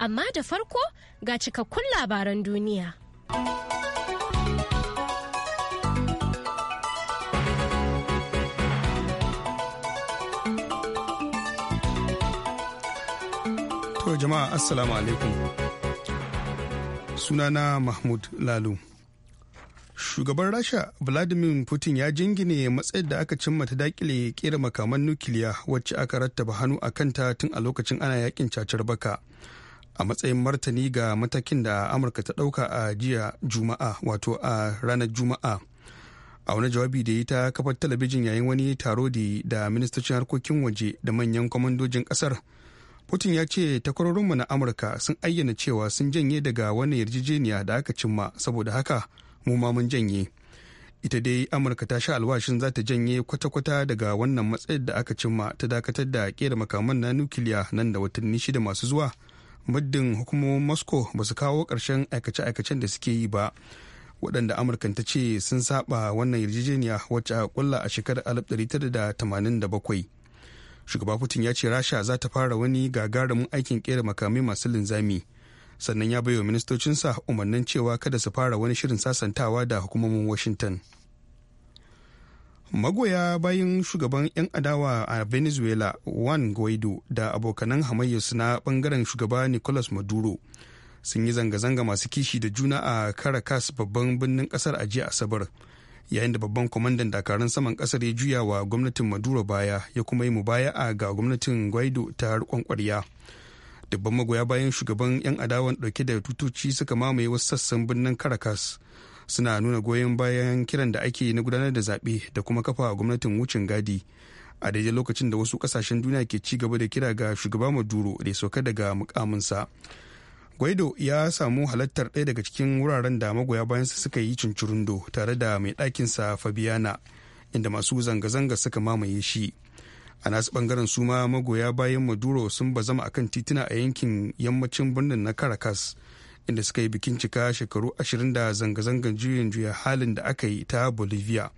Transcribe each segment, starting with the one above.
amma da farko ga cikakkun labaran duniya. To jama'a assalamu alaikum sunana Mahmud Lalu. Shugaban Rasha Vladimir Putin ya jingine matsayin da aka cimma ta dakile kera makaman nukiliya wacce aka rattaba hannu a kanta tun a lokacin ana yakin cacar baka. a matsayin martani ga matakin da amurka ta ɗauka a jiya juma'a wato a ranar juma'a a wani jawabi da ya ta kafar talabijin yayin wani taro da ministocin harkokin waje da manyan kwamandojin ƙasar putin ya ce takwarorinmu na amurka sun ayyana cewa sun janye daga wannan yarjejeniya da aka cimma saboda haka mu ma mun janye ita dai amurka ta sha alwashin za ta janye kwata-kwata daga wannan matsayar da aka cimma ta dakatar da kera makaman na nukiliya nan da watanni shida masu zuwa muddin hukumomin moscow ba su kawo ƙarshen aikace-aikacen da suke yi ba waɗanda amurkan ta ce sun saba wannan yarjejeniya wacce a kulla a shekarar 1987 shugaba putin ya ce rasha za ta fara wani gagarumin aikin kera makamai masu linzami sannan ya baiwa ministocinsa umarnin cewa kada su fara wani shirin sasantawa da hukumomin washington magoya bayan shugaban 'yan adawa a venezuela juan guaido da abokanan hamayyarsu na bangaren shugaba nicolas maduro sun yi zanga-zanga masu kishi da juna a caracas babban birnin kasar a jiya asabar yayin da babban kwamandan dakarun saman kasar ya juya wa gwamnatin maduro baya ya kuma yi mu a ga gwamnatin guaido ta rikon kwarya dubban magoya bayan shugaban 'yan adawan dauke da tutoci suka mamaye wasu sassan birnin caracas suna nuna goyon bayan kiran da ake na gudanar da zaɓe da kuma kafa gwamnatin wucin gadi a daidai lokacin da wasu ƙasashen duniya ke ci gaba da kira ga shugaba maduro da sauka daga mukaminsa guaido ya samu halartar ɗaya daga cikin wuraren da magoya bayan bayansa suka yi cincirindo tare da mai ɗakinsa fabiana inda masu zanga-zanga suka mamaye shi a nasu ɓangaren suma magoya bayan maduro sun bazama akan tituna a yankin yammacin birnin na caracas inda suka yi bikin cika shekaru ashirin da zanga-zangar juyin juya halin da aka yi ta bolivia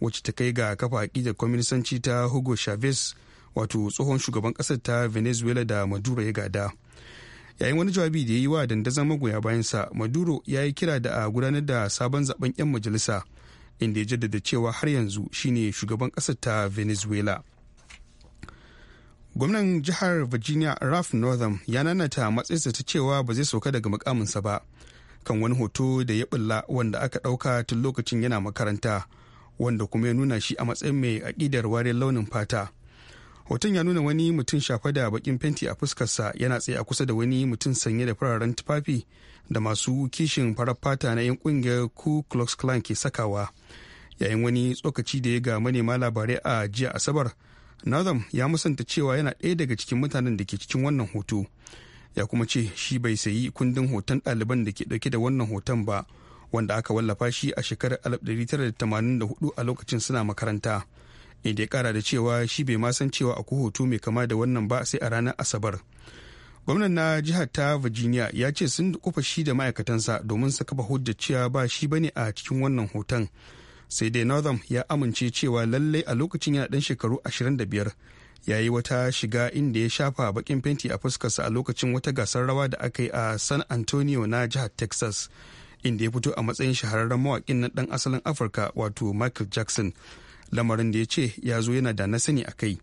wacce ta kai ga kafa aƙidar kwaminisanci ta hugo chavez wato tsohon shugaban ƙasar ta venezuela da maduro ya gada yayin wani jawabi da ya yi wa dandazon magoya bayansa maduro ya yi kira da a gudanar da sabon zaben 'yan majalisa inda ya jaddada cewa har yanzu shine shugaban ƙasar ta venezuela gwamnan jihar virginia raf northam ya nanata matsayinsa ta cewa ba zai sauka daga mukaminsa ba kan wani hoto da ya bulla wanda aka ɗauka tun lokacin yana makaranta wanda kuma ya nuna shi a matsayin mai aƙidar ware launin fata hoton ya nuna wani mutum shafa da bakin fenti a fuskarsa yana tsaye a kusa da wani mutum sanye da fararen tufafi da masu kishin farar fata na 'yan kungiyar ku klux klan ke sakawa yayin wani tsokaci da ya ga manema labarai a jiya asabar nazam ya musanta cewa yana ɗaya daga cikin mutanen da ke cikin wannan hoto. Ya kuma ce shi bai sayi kundin hoton ɗaliban da ke ɗauke da wannan hoton ba wanda aka wallafa shi a shekarar 1984 a lokacin suna makaranta. Inda ya kara da cewa shi bai ma san cewa akwai hoto mai kama da wannan ba sai a ranar Asabar. Gwamnan na jihar ta Virginia ya ce sun kufa shi da ma'aikatansa domin su kafa hujjar cewa ba shi bane a cikin wannan hoton. sai dai northam ya amince cewa lallai a lokacin yana dan shekaru 25 ya yi wata shiga inda ya shafa bakin fenti a fuskarsa a lokacin wata gasar rawa da aka yi a san antonio na jihar texas inda ya fito a matsayin shahararren mawakin na dan asalin afirka wato michael jackson lamarin da ya ce ya zo yana da na sani a kai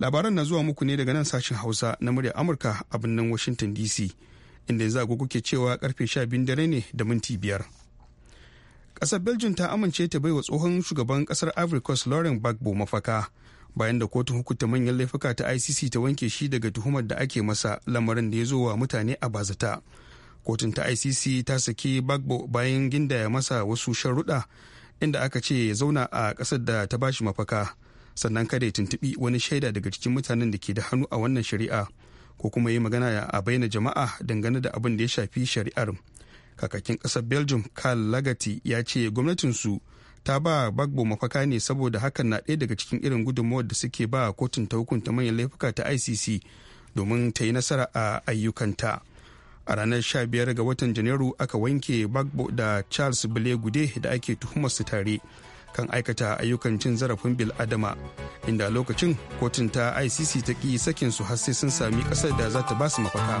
labaran na zuwa muku ne daga nan sashen hausa na murya amurka a birnin washington dc inda yanzu agogo kuke cewa karfe 12 dare ne da minti biyar. Ƙasar belgium ta amince ta baiwa tsohon shugaban ƙasar ivory coast lauren gbagbo mafaka bayan da kotun hukunta manyan laifuka ta icc ta wanke shi daga tuhumar da ake masa lamarin da ya zo wa mutane a bazata kotun ta icc ta saki gbagbo bayan gindaya masa wasu sharuɗa inda aka ce ya zauna a ƙasar da ta bashi mafaka sannan kada ya tuntuɓi wani shaida daga cikin mutanen da ke da hannu a wannan shari'a ko kuma yi magana a bayyana jama'a dangane da abin da ya shafi shari'ar. kakakin ƙasar belgium karl lagati ya ce gwamnatinsu ta ba bagbo mafaka ne saboda hakan na ɗaya daga cikin irin gudunmawar da suke ba kotun ta hukunta manyan laifuka ta icc domin ta yi nasara a ayyukanta a ranar 15 ga watan janairu aka wanke bagbo da charles gude da ake tuhumarsu tare kan aikata ayyukan cin zarafin bil adama inda lokacin kotun ta icc ta ƙi sakinsu har sai sun sami ƙasar da za ta ba su mafaka.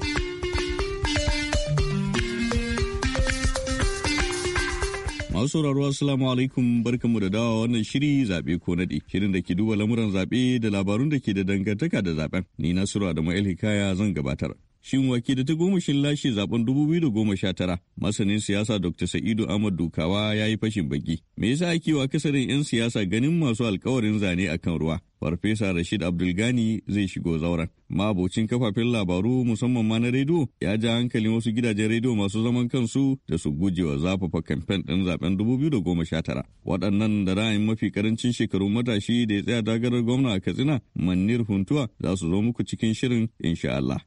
Masu sauraro Assalamu alaikum kamu da dawa wannan shiri zaɓe ko nadi shirin da ke duba lamuran zaɓe da labarun da ke da dangantaka da zaɓen. ni Nasiru Adamu El Hikaya zan gabatar Shin wake da ta goma lashe zaben sha tara? masanin siyasa Dr. Sa'idu Ahmad Dukawa ya yi fashin baki. Me yasa ake wa kasarin 'yan siyasa ganin masu alkawarin zane a kan ruwa? Farfesa Rashid Abdulgani zai shigo zauren. Mabocin kafafen labaru musamman ma na rediyo ya ja hankalin wasu gidajen rediyo masu zaman kansu da su gujewa zafafa kamfen ɗin zaben 2019. Waɗannan da ra'ayin mafi karancin shekaru matashi da ya tsaya dagarar gwamna a Katsina manniyar Huntuwa za su zo muku cikin shirin insha Allah.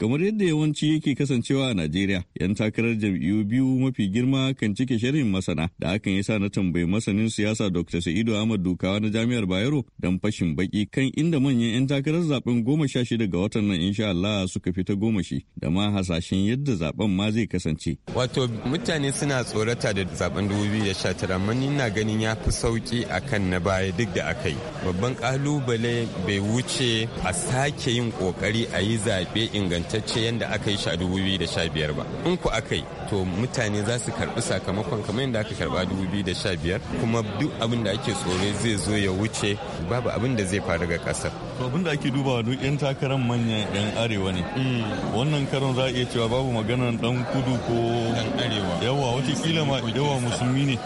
Kamar yadda yawanci yake kasancewa a Najeriya, 'yan takarar jam'iyyu biyu mafi girma kan cike shirin masana da hakan ya sa na tambayi masanin siyasa Dr. Sa'idu Ahmad Dukawa na Jami'ar Bayero don fashin baki kan inda manyan 'yan takarar zaben goma sha shida ga watan nan insha Allah suka fita goma shi da ma hasashen yadda zaben ma zai kasance. Wato mutane suna tsorata da zaben 2019 amma ni na ganin ya fi sauki akan na baya duk da akai Babban kalubale bai wuce a sake yin kokari a yi zaɓe inganta. ingantacce yadda aka yi shi a 2015 ba in ku aka yi to mutane za su karbi sakamakon kamar yadda aka karba 2015 kuma duk abin da ake tsoro zai zo ya wuce babu abin da zai faru ga kasar to abin da ake duba duk yan takarar manyan yan arewa ne mm. wannan karon za a iya cewa babu maganar dan kudu ko dan arewa yawa kila ma yawa musulmi ne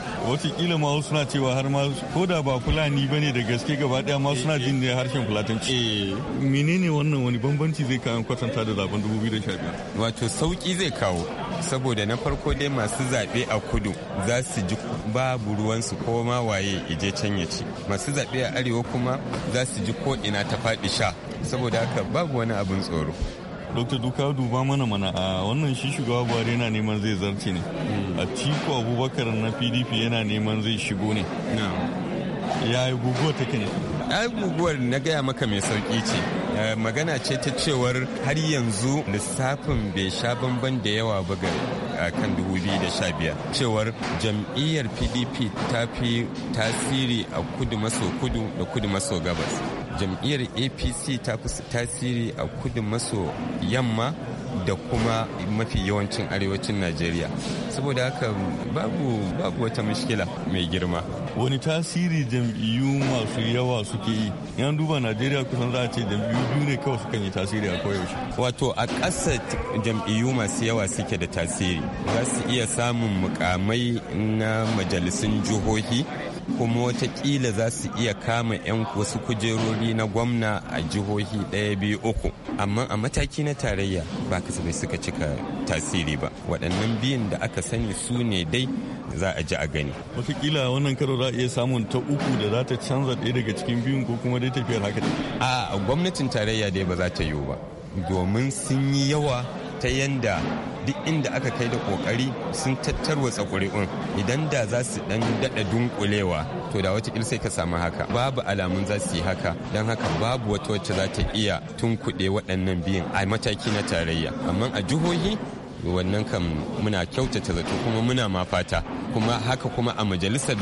kila ma suna cewa har ma ko da ba fulani bane da gaske gaba daya ma suna eh, jin eh. ne harshen fulatanci eh. menene wannan wani bambanci zai kayan kwatanta da zaben zaben 2015 wato sauki zai kawo saboda na farko dai masu zaɓe a kudu za su ji babu ruwansu ko ma waye ije can ya ci masu zaɓe a arewa kuma za su ji ko ina ta faɗi sha saboda haka babu wani abin tsoro dokta duka duba mana mana a wannan shi shugaba buhari yana neman zai zarce ne hmm. a tiko abubakar na pdp yana neman zai shigo ne ya yi guguwa take ne yi guguwar na gaya maka mai sauki ce Eh, magana ce ta cewar har yanzu lissafin bai sha bamban da yawa ba ga kan 2015 cewar jam'iyyar pdp ta fi tasiri a kudu maso kudu da kudu maso gabas jam'iyyar apc ta fi tasiri a kudu maso yamma da kuma mafi yawancin arewacin najeriya saboda haka babu babu wata mashkila mai girma wani tasiri jam'iyyu masu yawa suke yi yan duba najeriya kusan za a ce jam'iyyu biyu ne kawai sukan yi tasiri a koyaushe wato a ƙasa jam'iyyu masu yawa suke da tasiri za su iya samun mukamai na majalisun jihohi kuma watakila za su iya kama 'yan wasu kujerori na gwamna a jihohi ɗaya biyu uku amma a mataki na tarayya ba kasafai suka cika tasiri ba waɗannan biyun da aka sani su ne dai za a ji a gani watakila wannan karo za a iya samun ta uku da za ta canza ɗaya daga cikin biyun ko kuma dai tafiyar haka a gwamnatin tarayya dai ba za ta yiwu ba domin sun yi yawa ta yanda duk inda aka kai da kokari sun tattarwa tsakuri'un idan da za su dan dada dunkulewa to da wata sai ka samu haka babu alamun za su yi haka don haka babu wata wacce za ta iya tunkuɗe waɗannan biyun a mataki na tarayya amma a jihohi wannan kam muna kyautata zato kuma muna ma fata kuma haka kuma a majalisar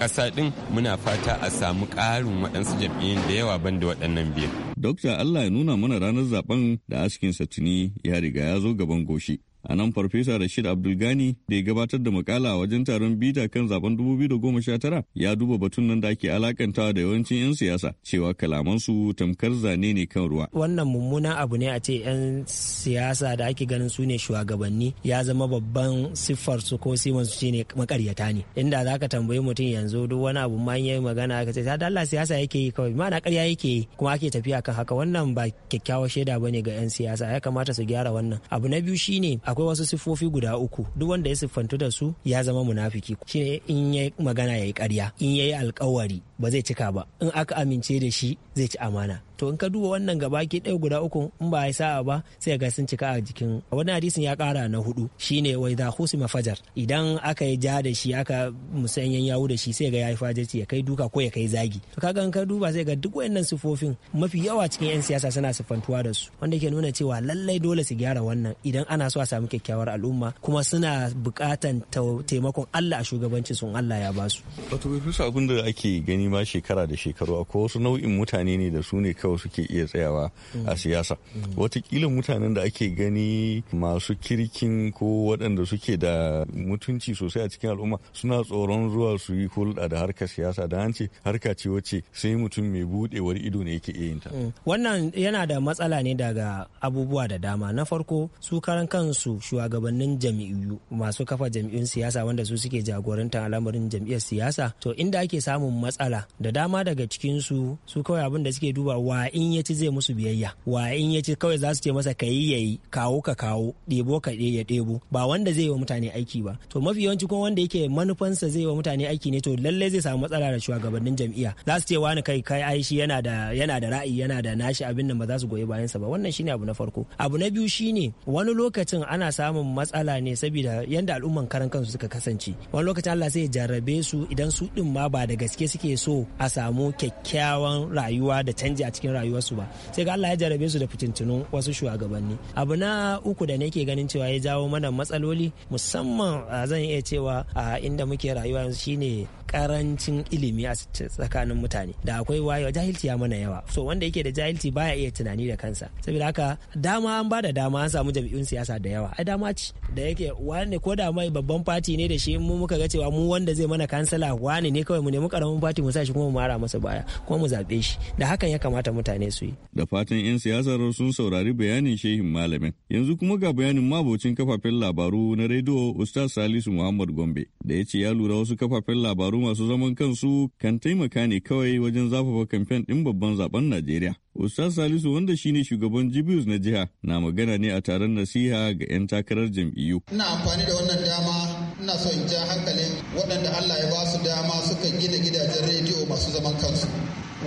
ƙasa ɗin muna fata a samu ƙarin waɗansu jam'iyyun da yawa banda waɗannan biyu. Dokta Allah ya nuna mana ranar zaben da askin tuni ya riga ya zo gaban goshi. a nan farfesa rashid abdulgani da ya gabatar da makala a wajen taron bita kan zaben 2019 ya duba batun nan da ake alakantawa da yawancin 'yan siyasa cewa kalamansu tamkar zane ne kan ruwa wannan mummunan abu ne a ce 'yan siyasa da ake ganin su ne shugabanni ya zama babban siffar su ko siman su shine makaryata ne inda za ka tambayi mutum yanzu duk wani abu ma yayi magana ka ce ta Allah siyasa yake yi kawai ma na karya yake yi kuma ake tafiya kan haka wannan ba kyakkyawar shaida bane ga 'yan siyasa ya kamata su gyara wannan abu na biyu shine akwai wasu siffofi guda uku duk wanda ya siffantu da su ya zama munafiki shine in yayi magana ya yi karya. in ya yi alkawari ba zai cika ba in aka amince da shi zai ci amana to in ka duba wannan gaba ke ɗaya guda uku in ba ya sa'a ba sai ga sun cika a jikin wani hadisin ya ƙara na hudu shine wai da husu fajar idan aka yi ja da shi aka musanyen yawo da shi sai ga yayi fajarci ya kai duka ko ya kai zagi to kaga in ka duba sai ga duk wayannan sufofin mafi yawa cikin yan siyasa suna sufantuwa da su wanda ke nuna cewa lallai dole su gyara wannan idan ana so a samu kyakkyawar al'umma kuma suna bukatan taimakon Allah a shugabancin sun Allah ya basu. su wato bisa abin da ake gani ma shekara da shekaru akwai wasu nau'in mutane ne da su ne kawai yaro suke iya tsayawa a siyasa watakila mutanen da ake gani masu kirkin ko waɗanda suke da mutunci sosai a cikin al'umma suna tsoron zuwa su yi hulɗa da harkar siyasa da hanci harka ce wacce sai mutum mai buɗewar ido ne yake iya yinta. Mm. wannan yana da matsala ne daga abubuwa da dama na farko su karan kansu shugabannin jam'iyyu masu kafa jam'iyyun siyasa wanda su suke jagorantar al'amarin jam'iyyar siyasa to inda ake samun matsala da dama daga cikinsu su kawai abin da suke dubawa wa in ya ci zai musu biyayya wa in ya ci kawai za su ce masa ka ya yi kawo ka kawo ɗebo ka ya ɗebo ba wanda zai yi wa mutane aiki ba to mafi yawanci kuma wanda yake manufansa zai yi wa mutane aiki ne to lallai zai samu matsala da shugabannin jam'iyya za su ce wani kai kai ai shi yana da yana da ra'ayi yana da nashi abin nan ba za su goyi sa ba wannan shine abu na farko abu na biyu shine wani lokacin ana samun matsala ne saboda yanda al'umman karan kansu suka kasance wani lokacin Allah sai ya jarrabe su idan su din ma ba da gaske suke so a samu kyakkyawan rayuwa da canji a cikin rayuwarsu ba sai ga Allah ya jarabe su da fitintinu wasu shugabanni abu na uku da nake ganin cewa ya jawo mana matsaloli musamman zan iya cewa a inda muke rayuwa yanzu shine karancin ilimi a tsakanin mutane da akwai wayewa jahilci ya mana yawa so wanda yake da jahilci baya iya tunani da kansa saboda haka dama an bada dama an samu jam'iyyun siyasa da yawa ai dama ce da yake wani ko da mai babban fati ne da shi mu muka ga cewa mu wanda zai mana kansala wani ne kawai mu nemi karamin fati mu sa shi kuma mu mara masa baya kuma mu zabe shi da hakan ya kamata mutane su yi da fatan yan siyasar sun saurari bayanin shehin malamin yanzu kuma ga bayanin mabocin kafafen labaru na rediyo ustaz salisu muhammad gombe da ya ce ya lura wasu kafafen labaru masu zaman kansu kan taimaka ne kawai wajen zafafa kamfen ɗin babban zaben Najeriya. Ustaz Salisu wanda shine shugaban Jibius na jiha na magana ne a taron nasiha ga 'yan takarar jam'iyyu. Ina amfani da wannan dama ina so in ja hankalin waɗanda Allah ya ba su dama suka gina gidajen rediyo masu zaman kansu.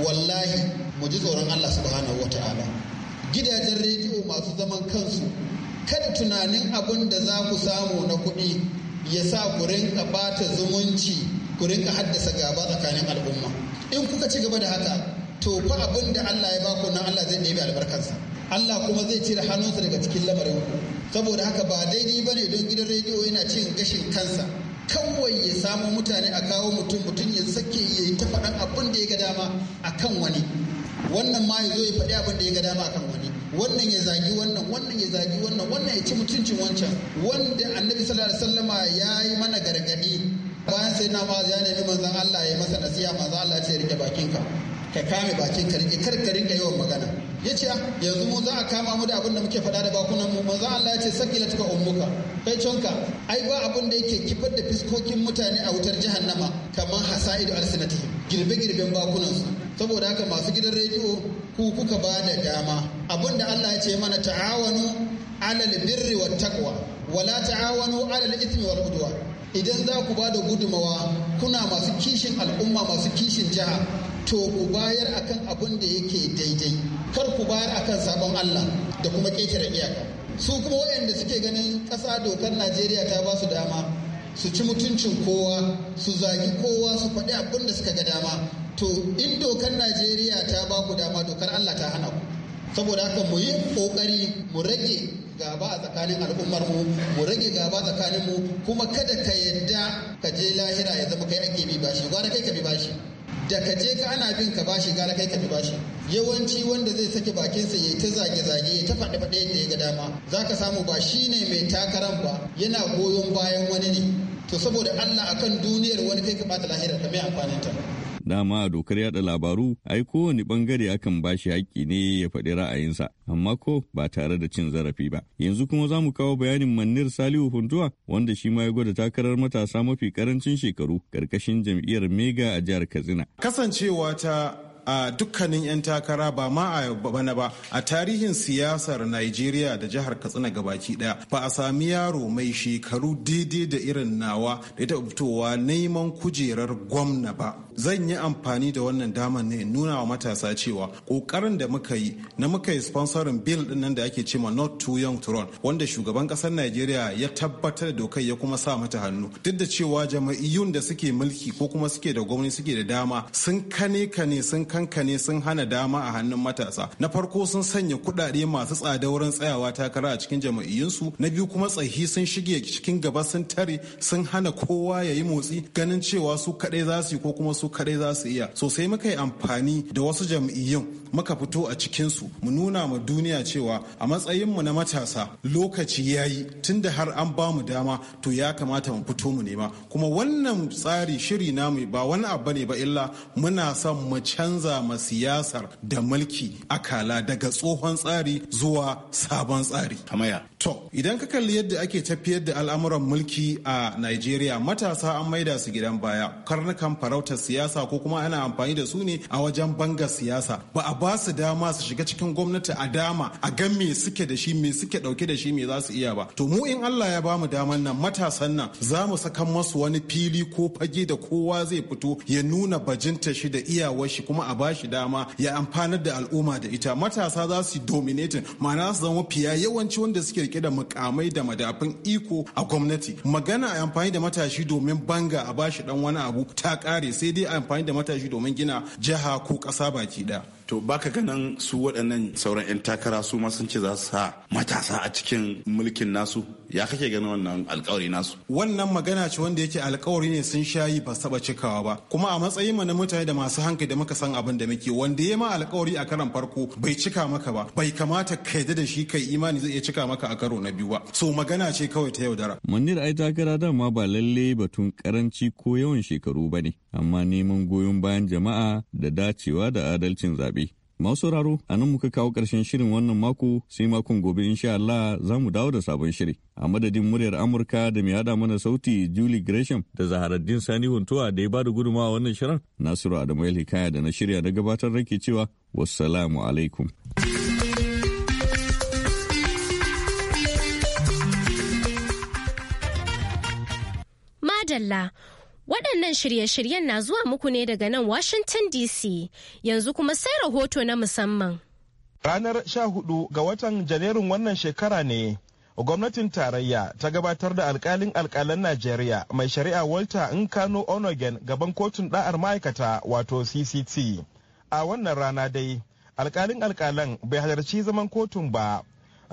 Wallahi mu ji tsoron Allah subhanahu wa ta'ala. Gidajen rediyo masu zaman kansu kada tunanin abin da za ku samu na kuɗi ya sa ku rinka bata zumunci ku rinka haddasa gaba tsakanin al'umma in kuka ci gaba da haka to fa abin da Allah ya baku nan Allah zai ɗebe albarkansa Allah kuma zai cire hannunsa daga cikin lamarin ku saboda haka ba daidai bane don gidan rediyo yana cin gashin kansa kawai ya samu mutane a kawo mutum mutum ya sake ya yi ta faɗan abin da ya ga dama a kan wani wannan ma ya zo ya faɗi abin da ya ga dama a kan wani wannan ya zagi wannan wannan ya zagi wannan wannan ya ci mutuncin wancan wanda annabi sallallahu alaihi wasallama ya yi mana gargaɗi bayan sai na ma ya nemi manzan Allah ya masa nasiha manzan Allah ce rike bakinka ka kame bakin ka rike kar ka rinka yawan magana ya ce ah, yanzu mu za a kama mu da abin da muke faɗa da bakunan mu manzan Allah ya ce sakila tuka ummuka kai conka ai ba abin da yake kifar da fiskokin mutane a wutar jahannama kamar hasa'idu alsinatihim girbe-girben bakunan su saboda haka masu gidan rediyo ku kuka ba da dama abin da Allah ya ce mana ta'awanu alal birri wat taqwa wala ta'awanu alal ithmi wal udwan idan za ku ba da gudumawa kuna masu kishin al'umma masu kishin jiha to ku bayar akan abin da yake daidai kar ku bayar akan sabon Allah da kuma ƙetare iyaka su kuma waɗanda suke ganin ƙasa dokar Najeriya ta ba su dama su ci mutuncin kowa su zagi kowa su faɗi abin da suka ga dama to in dokar Najeriya ta ba ku dama dokar Allah ta hana ku saboda haka mu yi ƙoƙari mu rage gaba a tsakanin al'ummar mu mu rage gaba tsakanin mu kuma kada ka yadda ka je lahira ya zama kai ake bi bashi gwara kai ka bi bashi da ka je ka ana bin ka bashi gara kai ka bi bashi yawanci wanda zai sake sa ya ta zage-zage ya ta faɗi faɗi yadda ya ga dama za ka samu ba shine mai takaran ba yana goyon bayan wani ne to saboda allah akan duniyar wani kai ka ta lahira ka mai amfanin ta dama a dokar yada labaru ai kowane bangare akan bashi haƙƙi ne ya faɗi ra'ayinsa amma ko ba tare da cin zarafi ba yanzu kuma za mu kawo bayanin mannir salihu huntuwa wanda shi ma ya gwada takarar matasa mafi karancin shekaru karkashin jam'iyyar mega a jihar katsina kasancewa ta a dukkanin 'yan takara ba ma a bana ba a tarihin siyasar Najeriya da jihar Katsina gabaki daya ba a sami yaro mai shekaru daidai da irin nawa da ya fitowa neman kujerar gwamna ba. Zan yi amfani da wannan damar ne nuna wa matasa cewa ƙoƙarin da muka yi na muka yi sponsorin bill din nan da ake cewa not too young to run wanda shugaban ƙasar Najeriya ya tabbatar da dokar ya kuma sa mata hannu duk da cewa jama'iyyun da suke mulki ko kuma suke da gwamnati suke da dama sun kane kane sun kankane sun hana dama a hannun matasa na farko sun sanya kuɗaɗe masu tsada wurin tsayawa takara a cikin jama'iyyunsu na biyu kuma tsahi sun shige cikin gaba sun tare sun hana kowa ya yi motsi ganin cewa su kaɗai za su yi ko kuma su kaɗai za su iya sosai muka yi amfani da wasu jam'iyyun muka fito a cikinsu mu nuna ma duniya cewa a matsayinmu na matasa lokaci ya yi tunda har an ba mu dama to ya kamata mu fito mu nema kuma wannan tsari shiri namu ba wani abu ne ba illa muna son mu canza canza ma siyasar da mulki akala daga tsohon tsari zuwa sabon tsari. Kamaya. To, idan ka kalli yadda ake tafiyar da al'amuran mulki a Najeriya matasa an maida su gidan baya, karnukan farautar siyasa ko kuma ana amfani da su ne a wajen banga siyasa. Ba a ba su dama su shiga cikin gwamnati a dama a gan me suke da shi me suke dauke da shi me za su iya ba. To mu in Allah ya bamu daman nan matasan nan za mu saka masu wani fili ko fage da kowa zai fito ya nuna bajinta shi da iyawar shi kuma a ba shi dama ya amfanar da al'umma da ita. Matasa za su dominating ma'ana su zama fiya yawanci wanda suke rike da mukamai da madafin iko a gwamnati magana a amfani da matashi domin banga a bashi dan wani abu ta kare sai dai a amfani da matashi domin gina jiha ko ƙasa baki ɗaya to baka ganin su waɗannan sauran 'yan takara su ma sun ce za su sa matasa a cikin mulkin nasu ya kake ganin wannan alkawari nasu wannan magana ce wanda yake alkawari ne sun sha yi ba saba cikawa ba kuma a matsayin mu na mutane da masu hankali da muka san abin da muke wanda ya ma alkawari a karan farko bai cika maka ba bai kamata ka yadda da shi kai imani zai iya cika maka a karo na biyu ba so magana ce kawai ta yaudara munir ai takara dama ba lalle batun karanci ko yawan shekaru bane amma neman goyon bayan jama'a da dacewa da adalcin zaɓe Masu sauraro a nan muka kawo ƙarshen shirin wannan mako sai makon gobe insha Allah za mu dawo da sabon shiri. A madadin muryar Amurka da mai hada mana sauti Julie Gresham da Zaharaddin Sani Huntuwa da ya bada gudunmawa wannan shirin. Nasiru Adamu Hikaya da na shirya da gabatar rake cewa wassalamu alaikum. Madalla Waɗannan shirye-shiryen na zuwa muku ne daga nan Washington DC yanzu kuma sai rahoto na musamman. Ranar 14 ga watan Janairun wannan shekara ne, gwamnatin tarayya ta gabatar da alkalin alkalan Najeriya mai shari'a Walter Nkano Onogen gaban kotun ɗa'ar ma'aikata wato CCT. A wannan rana dai, alkalin alkalan bai halarci zaman kotun ba.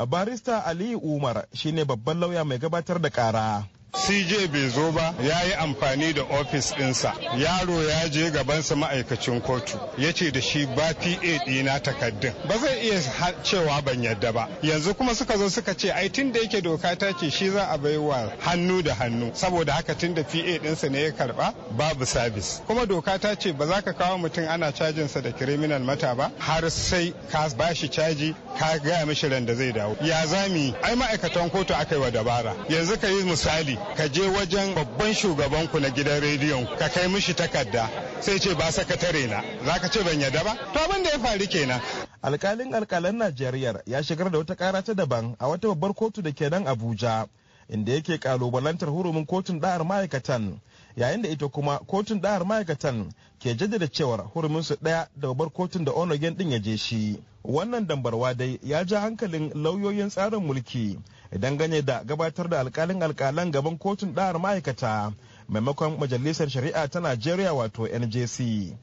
Barista Aliyu Umar shine babban lauya mai gabatar da ƙara. CJ bai zo ba ya yi amfani da ofis ɗinsa. Yaro ya je gabansa ma'aikacin kotu ya ce da shi ba PA ɗina takardun. Ba zai iya cewa ban yadda ba. Yanzu kuma suka zo suka ce ai tun da yake doka ta ce shi za a baiwa hannu da hannu. Saboda haka tun da PA ɗinsa ne ya karba babu sabis. Kuma doka ta ce ba za ka kawo mutum ana cajinsa da kiriminal mata ba har sai ka ba shi caji ka gaya mishi ran da zai dawo. Ya zami ai ma'aikatan kotu aka yi wa dabara. Yanzu ka yi misali ka je wajen babban shugaban ku na gidan rediyon ka kai mishi takarda sai ce ba sakatare na za ka ce ban yadda ba to abin da ya faru kenan alkalin alkalan najeriya ya shigar da wata kara ta daban a wata babbar kotu da ke nan abuja inda yake kalubalantar hurumin kotun da'ar ma'aikatan yayin da ita kuma kotun da'ar ma'aikatan ke jaddada cewar hurumin su daya da babbar kotun da onogen din ya je shi wannan dambarwa dai ya ja hankalin lauyoyin tsarin mulki dangane da gabatar da alkalin alkalan gaban kotun ɗahar ma'aikata maimakon majalisar shari'a ta najeriya wato njc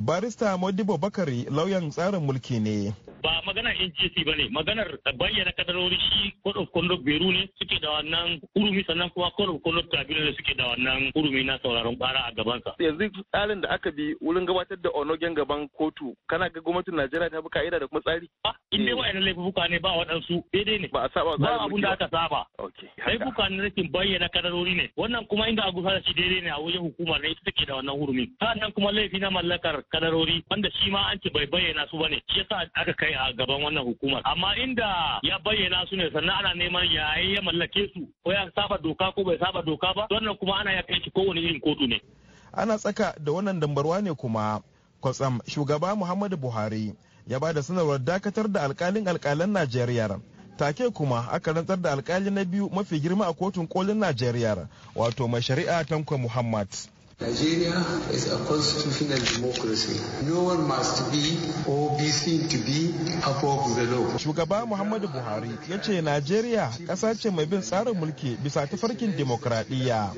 barista modibo bakari lauyan tsarin mulki ne ba maganar NGC ba ne maganar bayyana kadarori shi code of conduct beru ne suke da wannan urumi sannan kuma code of conduct tribunal ne suke da wannan urumi na sauraron kara a gabansa. Yanzu tsarin da aka bi wurin gabatar da onogen gaban kotu kana ga gwamnatin Najeriya ta bi ka'ida da kuma tsari? ba in dai wa'annan laifuka ne ba waɗansu daidai ne. Ba a saba ba mulki ba. Ba aka saba. Laifuka ne rashin bayyana kadarori ne wannan kuma inda a gusa da shi daidai ne a wajen hukumar ne ita take da wannan urumi Sannan kuma laifi na mallakar kadarori wanda shi ma an ce bai bayyana su bane shi yasa aka kai a gaban wannan hukumar amma inda ya bayyana su ne sannan ana neman yayin ya mallake su ko ya saba doka ko bai saba doka ba wannan kuma ana ya kai shi kowane irin kotu ne ana tsaka da wannan dambarwa ne kuma kwatsam shugaba muhammadu buhari ya ba da sanarwar dakatar da alkalin alkalan najeriya take kuma aka rantsar da alkali na biyu mafi girma a kotun kolin najeriya wato mai shari'a tanko muhammad Nigeria is a constitutional democracy. No one must be or be seen to be above the law. Shugaba Muhammadu Buhari ya ce Najeriya ƙasa ce mai bin tsarin mulki bisa tafarkin demokradiyya.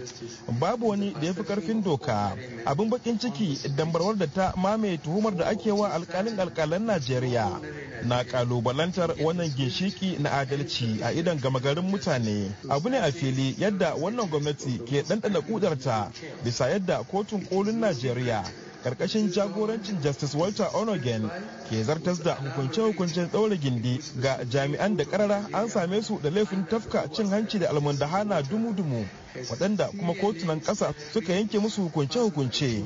Babu wani da ya fi ƙarfin doka. Abin bakin ciki dambarwar da ta mamaye tuhumar da ake wa alkalin alƙalan Najeriya. Na ƙalubalantar wannan ginshiki na adalci a idan gama garin mutane. Abu ne a fili yadda wannan gwamnati ke ɗanɗana kudarta bisa yadda da kotun kolin najeriya karkashin jagorancin justice walter onogen ke zartas da hukunce-hukuncen ɗaure gindi ga jami'an da karara an same su da laifin tafka cin hanci da almundahana dumu-dumu waɗanda kuma kotunan ƙasa suka yanke musu hukunce-hukunce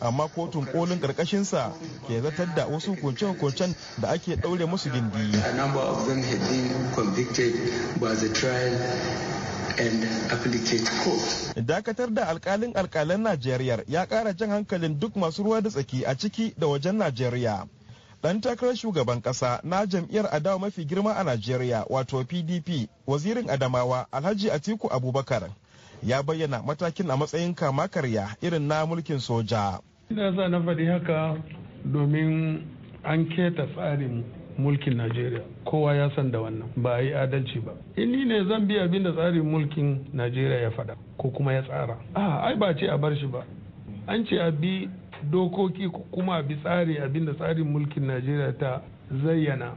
amma kotun kolin ƙarƙashinsa ke zartar da wasu hukunce-hukuncen da ake ɗaure musu gindi Dakatar da alkalin alkalan Najeriya ya kara jan hankalin duk masu ruwa da tsaki a ciki da wajen Najeriya. Ɗan takarar shugaban ƙasa na jam'iyyar adawa mafi girma a Najeriya wato PDP wazirin Adamawa Alhaji Atiku Abubakar ya bayyana matakin a matsayin kama karya irin na mulkin soja. Ina za na faɗi haka domin an keta tsarin mulkin najeriya kowa ya san da wannan ba a yi adalci ba in eh, ni ne zan bi abin da tsarin mulkin najeriya ya faɗa ko kuma ya tsara a ai ba ce a bar shi ba an ce a bi dokoki kuma a bi tsari abin da tsarin mulkin najeriya ta zayyana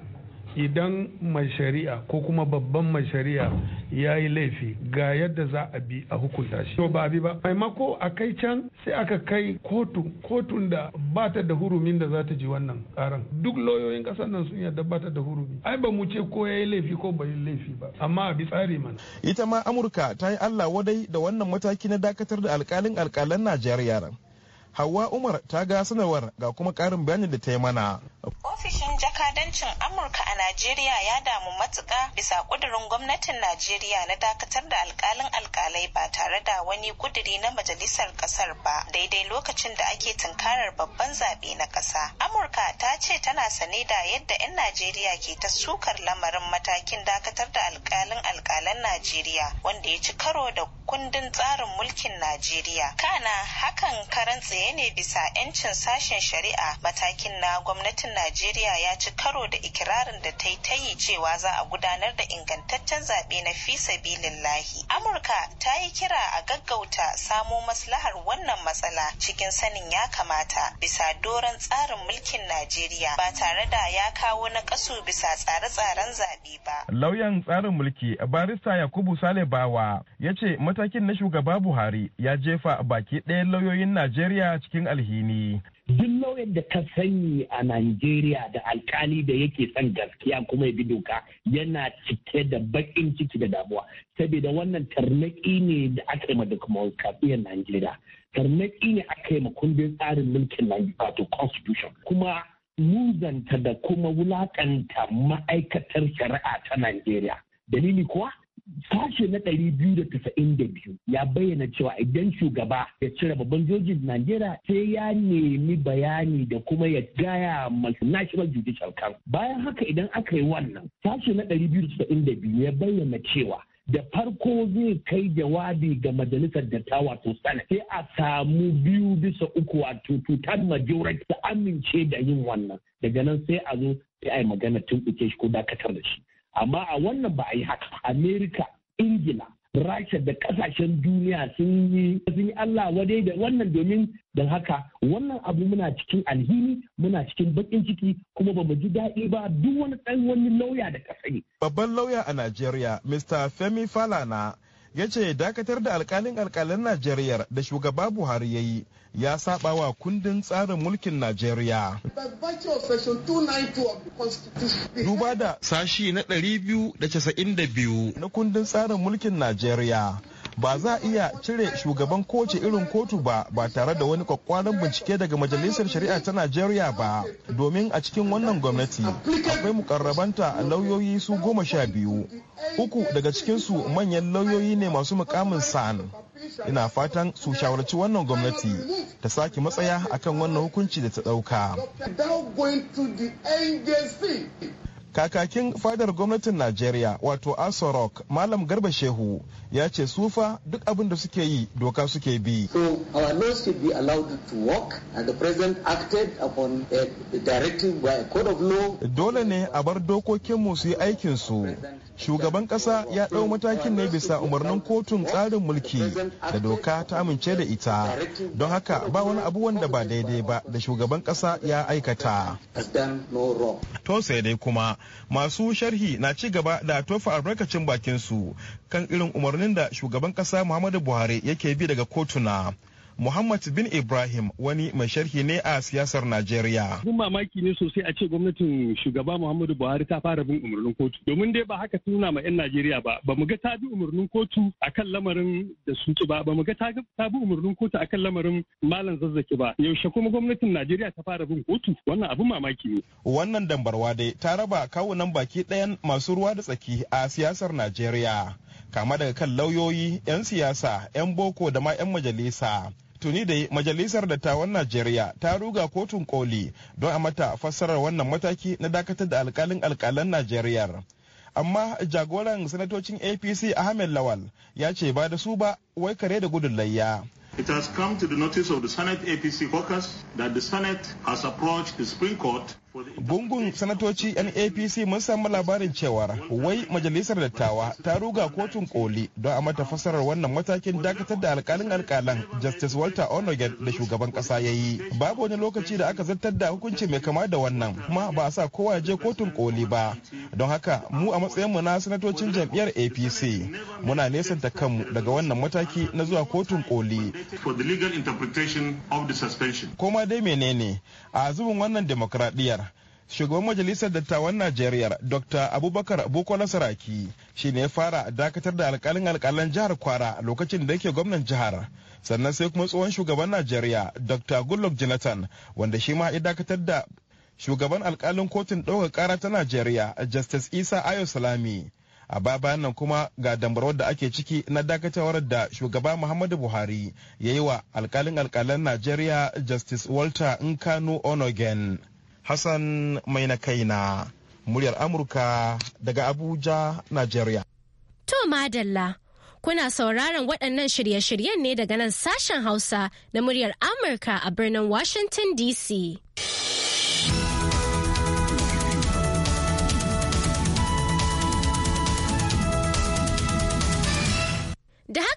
idan mai shari'a ko kuma babban mai shari'a ya yi laifi ga yadda za a bi a hukunta shi. To ba bi ba, maimako a kai can sai aka kai kotu, kotun da ba ta da hurumin da za ta ji wannan karan duk lauyoyin kasar nan sun yarda ba ta da hurumi ai ba mu ce ko ya yi laifi ko bai laifi ba amma a bi tsari mana ita ma amurka ta yi allah wadai da wannan mataki na dakatar da alkalin alkalan najeriya hawa umar ta ga sanarwar ga kuma karin bayani da ta yi mana ofishin ofishin jakadancin Amurka a Najeriya ya damu matuka bisa kudurin gwamnatin Najeriya na dakatar da alkalin alkalai ba tare da wani kuduri na majalisar ƙasar ba daidai lokacin da ake tunkarar babban zaɓe na ƙasa. Amurka ta ce tana sane da yadda 'yan Najeriya ke ta sukar lamarin matakin dakatar da alkalin alkalan Najeriya wanda ya ci karo da kundin tsarin mulkin Najeriya. Kana hakan karan tsaye ne bisa 'yancin sashen shari'a matakin na gwamnatin Najeriya ya ci karo da ikirarin da ta yi ta yi cewa za a gudanar da ingantaccen zaɓe na fi sabilillahi. Amurka ta yi kira a gaggauta samo maslahar wannan matsala cikin sanin ya kamata bisa doron tsarin mulkin Najeriya ba tare da ya kawo na kasu bisa tsare-tsaren zaɓe ba. Lauyan tsarin mulki barista Yakubu Sale Bawa ya ce matakin na shugaba Buhari ya jefa baki ɗaya lauyoyin Najeriya cikin alhini. duk lauyan da ta sanyi a Najeriya da alkali da yake son gaskiya kuma ya bi doka yana cike da bakin ciki da damuwa saboda wannan tarnaki ne da aka yi ma kafiyar Najeriya tarnaki ne aka yi ma kundin tsarin mulkin Najeriya to constitution kuma muzanta da kuma wulakanta ma'aikatar shari'a ta Najeriya dalili kuwa sashe na ɗari biyu da tasa'in da biyu ya bayyana cewa idan shugaba ya cire babban jojin Najeriya sai ya nemi bayani da kuma ya gaya ma National Judicial Council. Bayan haka idan aka yi wannan sashe na ɗari biyu da tasa'in da biyu ya bayyana cewa da farko zai kai jawabi ga majalisar dattawa wato sana sai a samu biyu bisa uku wato tutar majority ta amince da yin wannan daga nan sai a zo sai a yi magana tun shi ko dakatar da shi amma a wannan ba a yi haka amerika ingila rasha da kasashen duniya sun yi sun yi allah wadai da wannan domin don haka wannan abu muna cikin alhini muna cikin bakin ciki kuma ba mu ji daɗi ba duk wani ɗan wani lauya da kasai babban lauya a najeriya mr femi falana ya ce dakatar da alkalin alkalin najeriya da shugaba buhari ya yi ya saba wa kundin tsarin mulkin najeriya duba da sashi na 292 na kundin tsarin mulkin najeriya ba za a iya cire shugaban kowace irin kotu ba ba tare da wani kwakwaran bincike daga majalisar shari'a ta najeriya ba domin a cikin wannan gwamnati akwai mukarrabanta lauyoyi su goma sha biyu uku daga cikinsu manyan lauyoyi ne masu mukamin san ina fatan su shawarci wannan gwamnati ta sake matsaya akan wannan hukunci da ta ɗauka kakakin fadar gwamnatin najeriya wato aso rock malam garba shehu ya ce sufa duk abin da suke yi doka suke bi so our laws should be allowed to work and the president acted upon a eh, directive by a code of law dole ne a bar dokokinmu su yi aikin su shugaban kasa ya ɗau matakin ne bisa umarnin kotun tsarin mulki da doka ta amince da ita don haka ba wani abu wanda ba daidai ba da shugaban kasa ya aikata to sai dai kuma masu sharhi na ci gaba da tofa albarkacin bakin su kan irin umarnin da shugaban kasa muhammadu buhari yake bi daga kotuna Muhammad bin Ibrahim wani mai sharhi ne a siyasar Najeriya. Mun mamaki ne sosai a ce gwamnatin shugaba Muhammadu Buhari ta fara bin umarnin kotu. Domin dai ba haka tuna ma 'yan Najeriya ba, ba mu ga ta bi umarnin kotu akan lamarin da su ba, ba mu ga ta bi umarnin kotu akan lamarin malam zazzaki ba. Yaushe kuma gwamnatin Najeriya ta fara bin kotu? Wannan abin mamaki ne. Wannan dambarwa dai ta raba kawunan baki ɗayan masu ruwa da tsaki a siyasar Najeriya. kama daga kan lauyoyi 'yan siyasa 'yan boko da ma 'yan majalisa tuni da majalisar dattawan najeriya ta ruga kotun koli don a mata fassarar wannan mataki na dakatar da alkalin alkalan najeriya amma jagoran sanatocin apc ahmed lawal ya ce ba da su ba wai kare da gudun layya It has come to the notice of the Senate APC caucus that the Senate has approached the Supreme Court Gungun sanatoci A.P.C mun samu labarin cewar wai majalisar dattawa ta ruga kotun koli don a mata fasarar wannan matakin dakatar da alkalin alkalan Justice Walter Onogen da shugaban kasa ya yi. Babu wani lokaci da aka zartar da hukunci mai kama da wannan kuma ba a sa kowa je kotun koli ba. Don haka mu a matsayinmu na sanatocin jam'iyyar APC muna nesanta kanmu daga wannan mataki na zuwa kotun koli. Koma dai menene a zubin wannan demokradiyyar shugaban majalisar dattawan najeriya dr abubakar bukola saraki shi ne ya fara dakatar da alkalin Alkalin jihar kwara lokacin da yake gwamnan jihar sannan sai kuma tsohon shugaban najeriya dr goodluck jonathan wanda shi ma ya dakatar da shugaban alkalin kotun ɗaukar Kara ta najeriya justice isa ayo salami a bayan nan kuma ga dambarwar da ake ciki na dakatawar da shugaba muhammadu buhari ya yi wa alkalin Alkalin najeriya justice walter Nkanu onogen Hassan mai na kai na muryar Amurka daga Abuja, Najeriya. To Madalla, kuna sauraron waɗannan shirye-shiryen ne daga nan sashen Hausa na muryar Amurka a birnin Washington DC.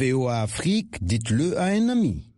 VOA Afrique, dites-le à un ami.